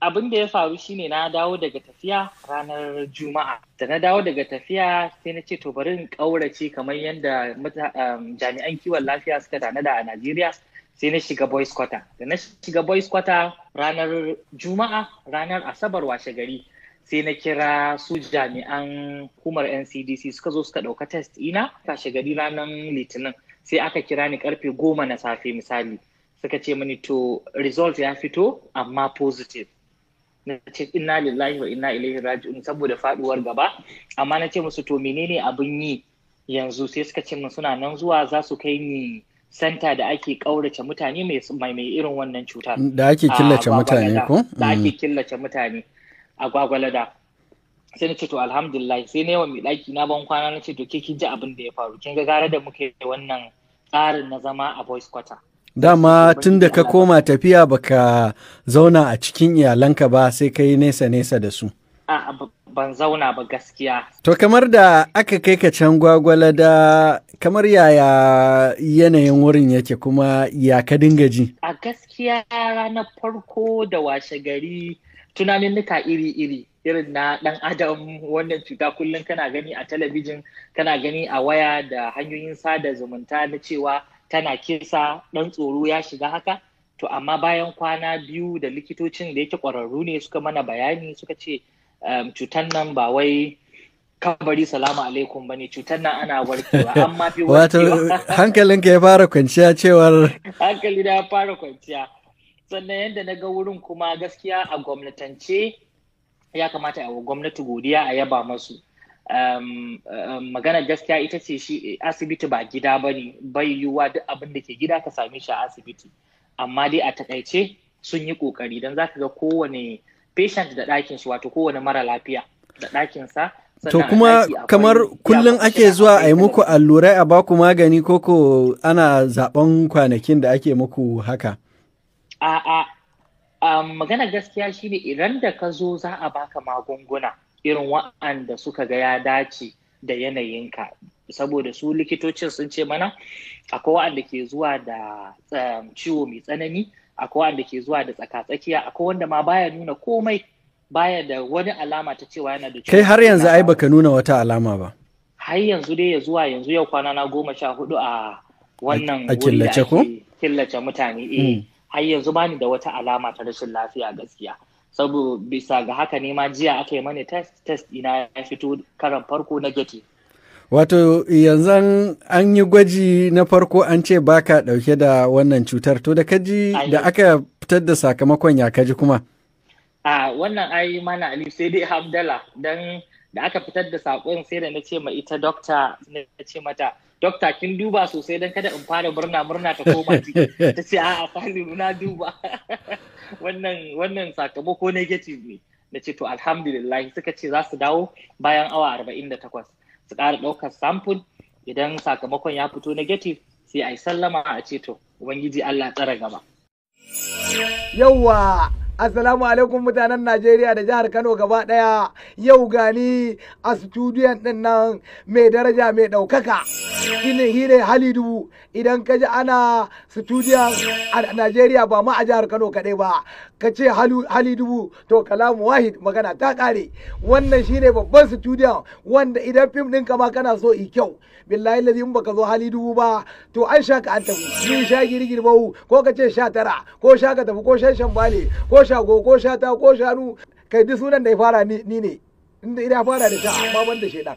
abin da ya faru shine na dawo daga tafiya ranar juma'a da na dawo daga tafiya sai na ce to bari in kaurace kamar yadda um, jami'an kiwon lafiya suka da a najeriya sai na shiga boys quarter da na shiga boys quarter ranar juma'a ranar asabar washe gari sai na kira su jami'an hukumar ncdc suka zo suka ɗauka test ina washe gari ranar litinin sai aka kira ni karfe goma na safe misali suka ce mini to result ya fito amma positive na ce inna lillahi wa inna ilaihi raji'un saboda faduwar gaba amma na ce musu to menene abin yi yanzu sai suka ce min suna nan zuwa za su kai ni santa da ake kaurace mutane mai mai irin wannan cutar da ake killace mutane ko da ake mm. killace mutane a gwagwalada sai na ce to alhamdulillah sai na wa mai daki na ban kwana na ce to ke kin ji abin da ya faru kin ga gara da muke wannan tsarin na zama a voice quarter dama tun da ka koma tafiya baka zauna a cikin iyalanka ba sai ka yi nesa nesa da su ban zauna ba gaskiya to kamar da aka kai ka can gwagwala da kamar yaya yanayin wurin yake kuma ya ka dinga ji a gaskiya ranar farko da washe gari tunanin nuka iri-iri irin na ɗan adam wannan cuta kullum kana gani a talabijin kana gani a waya da hanyoyin sada zumunta na cewa tana kisa ɗan tsoro ya shiga haka to amma bayan kwana biyu da likitocin da yake kwararru ne suka mana bayani suka ce um, cutan nan ba wai kabari salamu alaikum bane cutar nan ana warkewa amma fi wato hankalinka ya fara kwanciya cewar hankali na ya fara kwanciya sannan yadda na ga wurin kuma gaskiya a gwamnatance ya kamata a gwamnati godiya a yaba masu Um, um, magana gaskiya ita ce shi eh, asibiti ba gida ba ne bai yiwuwa duk abin da ke gida ka same shi a asibiti amma dai a takaice sun yi kokari don za ka ga kowane patient da ɗakin shi wato kowane mara lafiya da ɗakinsa To kuma kamar kullum ake zuwa a yi muku allurai a baku magani koko ana zaben kwanakin da ake muku haka? A'a, um, magana gaskiya shi ne idan da ka zo za a baka magunguna. irin wa'anda suka ga ya dace da yanayinka saboda su likitocin sun ce mana akwai wa'anda ke zuwa da um, ciwo mai tsanani akwai wa'anda ke zuwa da tsakatsakiya akwai wanda ma baya nuna komai baya da wani alama ta cewa yana da ciwo kai har yanzu ai baka nuna wata alama ba har yanzu dai ya zuwa yanzu yau kwana na goma sha hudu a wannan a killace ko killace mutane eh hmm. har yanzu bani da wata alama ta rashin lafiya gaskiya Sabu bisa ga haka ne ma jiya aka yi mani test test ina ya fito karan farko negative wato yanzu an yi gwaji na farko an ce baka dauke da wannan cutar to da kaji da aka fitar da sakamakon ya kaji kuma a wannan ai mana ali sai dai hamdala dan da aka fitar da sakon sai da na ce ma ita dokta na ce mata dokta kin duba sosai don kada in fara murna murna ta koma ta ce a fali na duba wannan wannan sakamako negative ne na ce to alhamdulillah suka ce za su dawo bayan awa 48 su ƙara ɗaukar sample idan sakamakon ya fito negative sai a yi sallama a ce to ubangiji Allah tsara gaba yawwa Assalamu alaikum mutanen Najeriya da jihar Kano gaba ɗaya yau gani a studiyon ɗin nan mai daraja mai ɗaukaka. shine hire hali dubu idan ka ji ana studio a Najeriya ba ma a jihar Kano kaɗai ba ka ce hali dubu to kalamu wahid magana ta kare wannan shine babban studio wanda idan fim ɗinka ma kana so i kyau billahi lazi in baka zo hali dubu ba to an sha ka an tafi ni sha girgir bau ko ka ce sha tara ko sha ka tafi ko shan shambale ko shago ko sha ta ko shanu kai duk sunan da ya fara ni ne inda ya fara da sha amma ban da shaidan